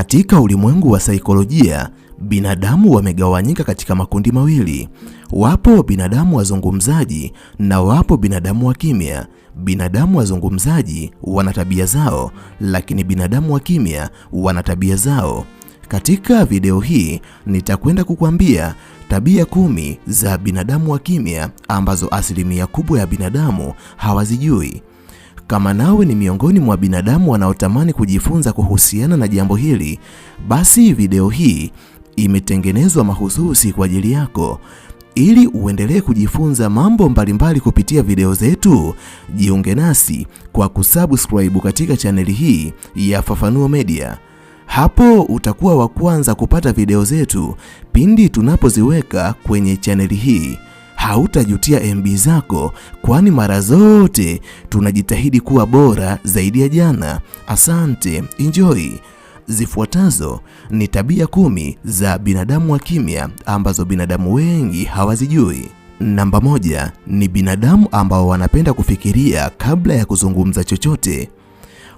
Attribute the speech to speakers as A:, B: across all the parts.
A: Katika ulimwengu wa saikolojia, binadamu wamegawanyika katika makundi mawili. Wapo binadamu wazungumzaji na wapo binadamu wa kimya. Binadamu wazungumzaji wana tabia zao, lakini binadamu wa kimya wana tabia zao. Katika video hii nitakwenda kukwambia tabia kumi za binadamu wa kimya ambazo asilimia kubwa ya binadamu hawazijui. Kama nawe ni miongoni mwa binadamu wanaotamani kujifunza kuhusiana na jambo hili, basi video hii imetengenezwa mahususi kwa ajili yako. Ili uendelee kujifunza mambo mbalimbali kupitia video zetu, jiunge nasi kwa kusubscribe katika chaneli hii ya Fafanuo Media. Hapo utakuwa wa kwanza kupata video zetu pindi tunapoziweka kwenye chaneli hii hautajutia MB zako, kwani mara zote tunajitahidi kuwa bora zaidi ya jana. Asante, enjoy. Zifuatazo ni tabia kumi za binadamu wa kimya ambazo binadamu wengi hawazijui. Namba moja ni binadamu ambao wanapenda kufikiria kabla ya kuzungumza chochote.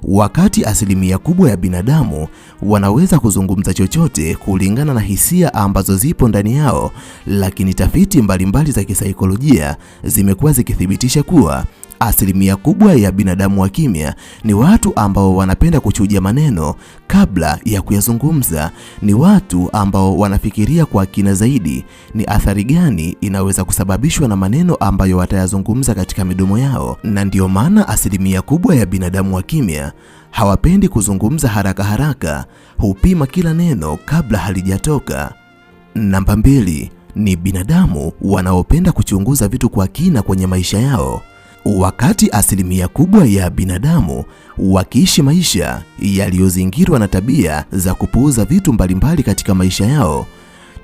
A: Wakati asilimia kubwa ya binadamu wanaweza kuzungumza chochote kulingana na hisia ambazo zipo ndani yao, lakini tafiti mbalimbali mbali za kisaikolojia zimekuwa zikithibitisha kuwa Asilimia kubwa ya binadamu wa kimya ni watu ambao wanapenda kuchuja maneno kabla ya kuyazungumza, ni watu ambao wanafikiria kwa kina zaidi ni athari gani inaweza kusababishwa na maneno ambayo watayazungumza katika midomo yao, na ndiyo maana asilimia kubwa ya binadamu wa kimya hawapendi kuzungumza haraka haraka, hupima kila neno kabla halijatoka. Namba mbili ni binadamu wanaopenda kuchunguza vitu kwa kina kwenye maisha yao. Wakati asilimia kubwa ya binadamu wakiishi maisha yaliyozingirwa na tabia za kupuuza vitu mbalimbali katika maisha yao,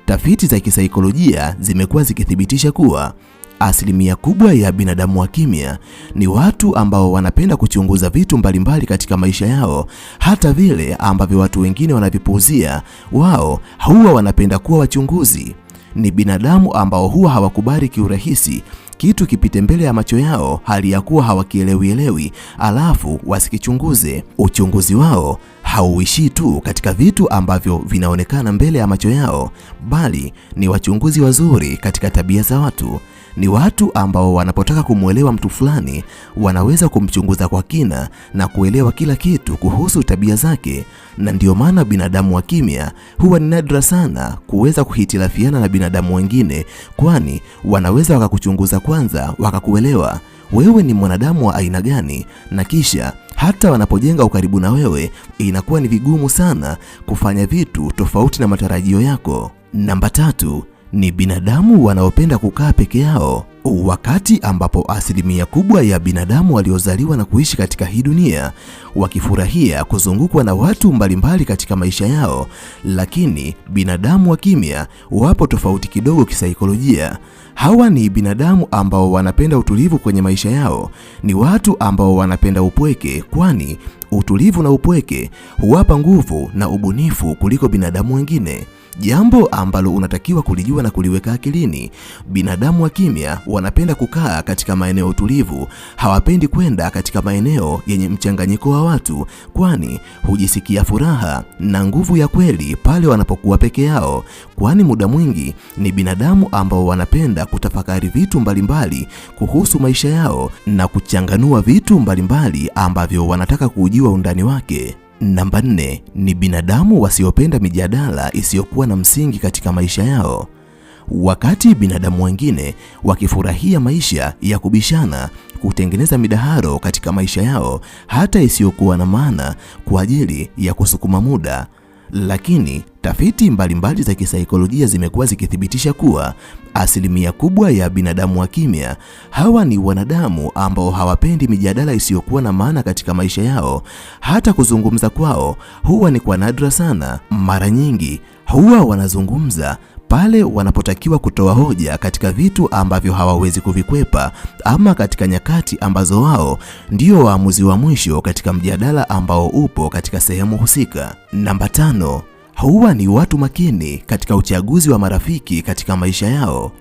A: tafiti za kisaikolojia zimekuwa zikithibitisha kuwa asilimia kubwa ya binadamu wa kimya ni watu ambao wanapenda kuchunguza vitu mbalimbali katika maisha yao, hata vile ambavyo watu wengine wanavipuuzia, wao huwa wanapenda kuwa wachunguzi. Ni binadamu ambao huwa hawakubali kiurahisi kitu kipite mbele ya macho yao, hali ya kuwa hawakielewielewi, alafu wasikichunguze. Uchunguzi wao hauishii tu katika vitu ambavyo vinaonekana mbele ya macho yao, bali ni wachunguzi wazuri katika tabia za watu ni watu ambao wanapotaka kumwelewa mtu fulani wanaweza kumchunguza kwa kina na kuelewa kila kitu kuhusu tabia zake, na ndio maana binadamu wa kimya huwa ni nadra sana kuweza kuhitilafiana na binadamu wengine, kwani wanaweza wakakuchunguza kwanza, wakakuelewa wewe ni mwanadamu wa aina gani, na kisha hata wanapojenga ukaribu na wewe inakuwa ni vigumu sana kufanya vitu tofauti na matarajio yako. Namba tatu, ni binadamu wanaopenda kukaa peke yao, wakati ambapo asilimia kubwa ya binadamu waliozaliwa na kuishi katika hii dunia wakifurahia kuzungukwa na watu mbalimbali katika maisha yao, lakini binadamu wa kimya wapo tofauti kidogo kisaikolojia. Hawa ni binadamu ambao wanapenda utulivu kwenye maisha yao, ni watu ambao wanapenda upweke, kwani utulivu na upweke huwapa nguvu na ubunifu kuliko binadamu wengine. Jambo ambalo unatakiwa kulijua na kuliweka akilini. Binadamu wa kimya wanapenda kukaa katika maeneo tulivu, hawapendi kwenda katika maeneo yenye mchanganyiko wa watu, kwani hujisikia furaha na nguvu ya kweli pale wanapokuwa peke yao, kwani muda mwingi ni binadamu ambao wanapenda kutafakari vitu mbalimbali mbali kuhusu maisha yao na kuchanganua vitu mbalimbali mbali ambavyo wanataka kujua undani wake. Namba nne ni binadamu wasiopenda mijadala isiyokuwa na msingi katika maisha yao. Wakati binadamu wengine wakifurahia maisha ya kubishana, kutengeneza midaharo katika maisha yao hata isiyokuwa na maana kwa ajili ya kusukuma muda, lakini tafiti mbalimbali za kisaikolojia zimekuwa zikithibitisha kuwa asilimia kubwa ya binadamu wa kimya hawa ni wanadamu ambao hawapendi mijadala isiyokuwa na maana katika maisha yao. Hata kuzungumza kwao huwa ni kwa nadra sana. Mara nyingi huwa wanazungumza pale wanapotakiwa kutoa hoja katika vitu ambavyo hawawezi kuvikwepa ama katika nyakati ambazo wao ndio waamuzi wa mwisho katika mjadala ambao upo katika sehemu husika. Namba tano, huwa ni watu makini katika uchaguzi wa marafiki katika maisha yao.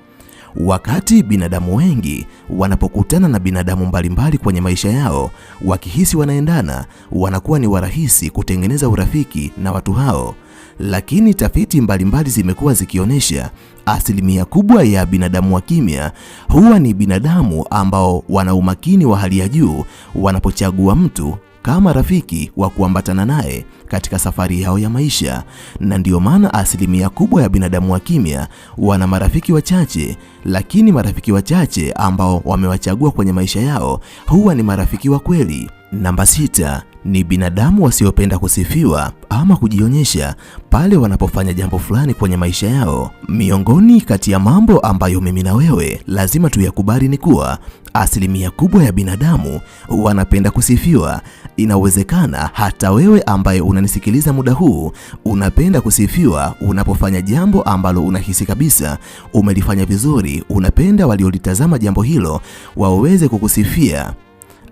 A: Wakati binadamu wengi wanapokutana na binadamu mbalimbali kwenye maisha yao, wakihisi wanaendana, wanakuwa ni warahisi kutengeneza urafiki na watu hao lakini tafiti mbalimbali zimekuwa zikionyesha asilimia kubwa ya binadamu wa kimya huwa ni binadamu ambao wana umakini wa hali ya juu wanapochagua mtu kama rafiki wa kuambatana naye katika safari yao ya maisha, na ndiyo maana asilimia kubwa ya binadamu wa kimya wana marafiki wachache, lakini marafiki wachache ambao wamewachagua kwenye maisha yao huwa ni marafiki wa kweli. Namba sita, ni binadamu wasiopenda kusifiwa ama kujionyesha pale wanapofanya jambo fulani kwenye maisha yao. Miongoni kati ya mambo ambayo mimi na wewe lazima tuyakubali ni kuwa asilimia kubwa ya binadamu wanapenda kusifiwa. Inawezekana hata wewe ambaye unanisikiliza muda huu unapenda kusifiwa unapofanya jambo ambalo unahisi kabisa umelifanya vizuri. Unapenda waliolitazama jambo hilo waweze kukusifia.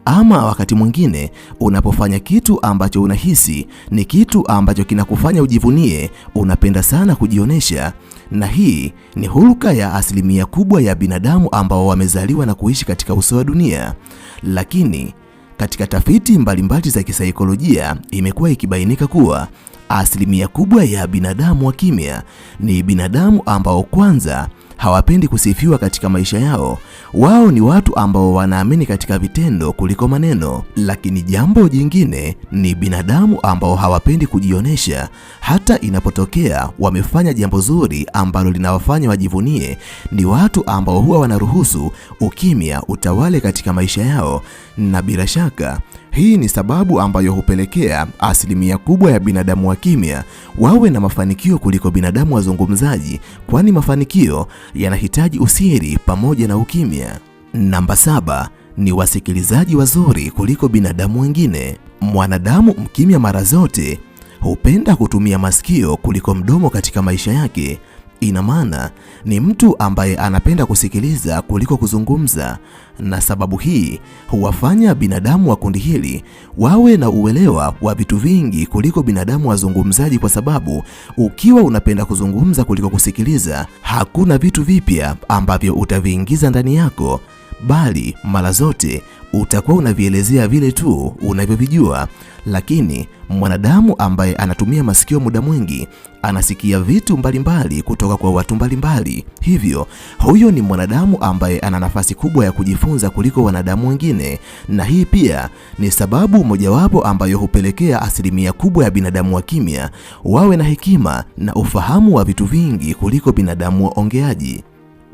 A: Ama wakati mwingine unapofanya kitu ambacho unahisi ni kitu ambacho kinakufanya ujivunie, unapenda sana kujionyesha, na hii ni hulka ya asilimia kubwa ya binadamu ambao wamezaliwa na kuishi katika uso wa dunia. Lakini katika tafiti mbalimbali za kisaikolojia imekuwa ikibainika kuwa asilimia kubwa ya binadamu wa kimya ni binadamu ambao kwanza hawapendi kusifiwa katika maisha yao. Wao ni watu ambao wanaamini katika vitendo kuliko maneno. Lakini jambo jingine ni binadamu ambao hawapendi kujionyesha, hata inapotokea wamefanya jambo zuri ambalo linawafanya wajivunie. Ni watu ambao huwa wanaruhusu ukimya utawale katika maisha yao, na bila shaka hii ni sababu ambayo hupelekea asilimia kubwa ya binadamu wa kimya wawe na mafanikio kuliko binadamu wazungumzaji, kwani mafanikio yanahitaji usiri pamoja na ukimya. Namba saba ni wasikilizaji wazuri kuliko binadamu wengine. Mwanadamu mkimya mara zote hupenda kutumia masikio kuliko mdomo katika maisha yake, ina maana ni mtu ambaye anapenda kusikiliza kuliko kuzungumza, na sababu hii huwafanya binadamu wa kundi hili wawe na uelewa wa vitu vingi kuliko binadamu wazungumzaji, kwa sababu ukiwa unapenda kuzungumza kuliko kusikiliza, hakuna vitu vipya ambavyo utaviingiza ndani yako bali mara zote utakuwa unavielezea vile tu unavyovijua. Lakini mwanadamu ambaye anatumia masikio muda mwingi anasikia vitu mbalimbali mbali kutoka kwa watu mbalimbali mbali. Hivyo huyo ni mwanadamu ambaye ana nafasi kubwa ya kujifunza kuliko wanadamu wengine, na hii pia ni sababu mojawapo ambayo hupelekea asilimia kubwa ya binadamu wa kimya wawe na hekima na ufahamu wa vitu vingi kuliko binadamu waongeaji.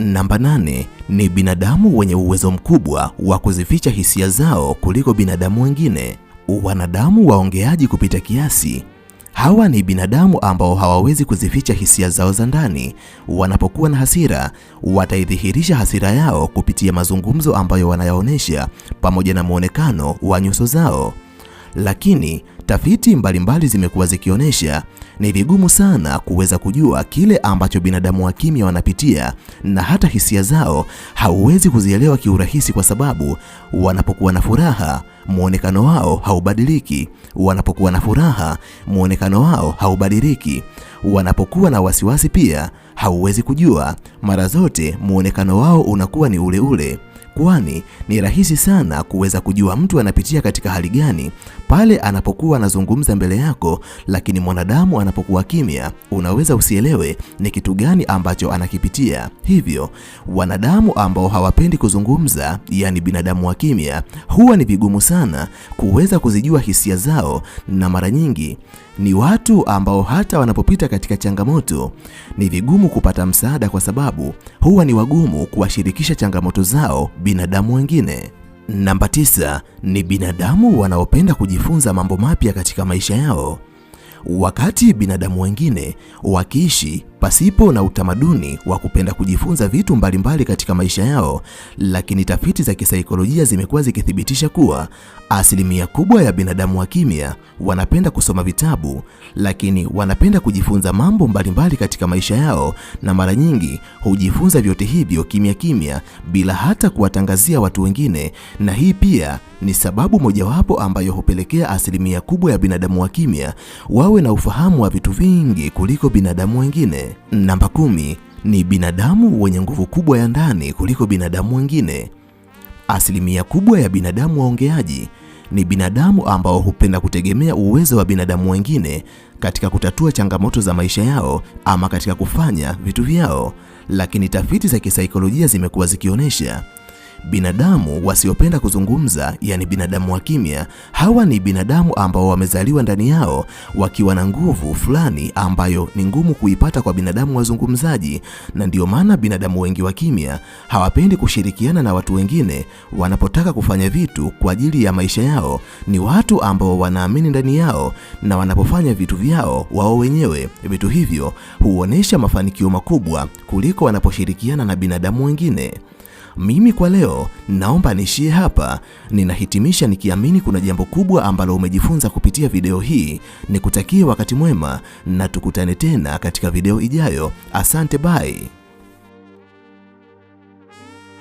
A: Namba nane ni binadamu wenye uwezo mkubwa wa kuzificha hisia zao kuliko binadamu wengine. Wanadamu waongeaji kupita kiasi. Hawa ni binadamu ambao hawawezi kuzificha hisia zao za ndani. Wanapokuwa na hasira, wataidhihirisha hasira yao kupitia mazungumzo ambayo wanayaonesha pamoja na muonekano wa nyuso zao. Lakini Tafiti mbalimbali zimekuwa zikionyesha ni vigumu sana kuweza kujua kile ambacho binadamu wa kimya wanapitia na hata hisia zao hauwezi kuzielewa kiurahisi, kwa sababu wanapokuwa na furaha muonekano wao haubadiliki, wanapokuwa na furaha muonekano wao haubadiliki, wanapokuwa na wasiwasi pia hauwezi kujua, mara zote muonekano wao unakuwa ni ule ule kwani ni rahisi sana kuweza kujua mtu anapitia katika hali gani pale anapokuwa anazungumza mbele yako, lakini mwanadamu anapokuwa kimya, unaweza usielewe ni kitu gani ambacho anakipitia. Hivyo wanadamu ambao hawapendi kuzungumza, yani binadamu wa kimya, huwa ni vigumu sana kuweza kuzijua hisia zao, na mara nyingi ni watu ambao hata wanapopita katika changamoto ni vigumu kupata msaada, kwa sababu huwa ni wagumu kuwashirikisha changamoto zao binadamu wengine. Namba tisa ni binadamu wanaopenda kujifunza mambo mapya katika maisha yao. Wakati binadamu wengine wakiishi pasipo na utamaduni wa kupenda kujifunza vitu mbalimbali mbali katika maisha yao, lakini tafiti za kisaikolojia zimekuwa zikithibitisha kuwa asilimia kubwa ya binadamu wa kimya wanapenda kusoma vitabu, lakini wanapenda kujifunza mambo mbalimbali mbali katika maisha yao, na mara nyingi hujifunza vyote hivyo kimya kimya bila hata kuwatangazia watu wengine, na hii pia ni sababu mojawapo ambayo hupelekea asilimia kubwa ya binadamu wa kimya wawe na ufahamu wa vitu vingi kuliko binadamu wengine. Namba kumi ni binadamu wenye nguvu kubwa ya ndani kuliko binadamu wengine. Asilimia kubwa ya binadamu waongeaji ni binadamu ambao hupenda kutegemea uwezo wa binadamu wengine katika kutatua changamoto za maisha yao ama katika kufanya vitu vyao, lakini tafiti za kisaikolojia zimekuwa zikionyesha Binadamu wasiopenda kuzungumza, yani binadamu wa kimya, hawa ni binadamu ambao wamezaliwa ndani yao wakiwa na nguvu fulani ambayo ni ngumu kuipata kwa binadamu wazungumzaji, na ndio maana binadamu wengi wa kimya hawapendi kushirikiana na watu wengine. Wanapotaka kufanya vitu kwa ajili ya maisha yao, ni watu ambao wanaamini ndani yao, na wanapofanya vitu vyao wao wenyewe, vitu hivyo huonesha mafanikio makubwa kuliko wanaposhirikiana na binadamu wengine. Mimi kwa leo naomba niishie hapa. Ninahitimisha nikiamini kuna jambo kubwa ambalo umejifunza kupitia video hii. Nikutakie wakati mwema na tukutane tena katika video ijayo. Asante, bye.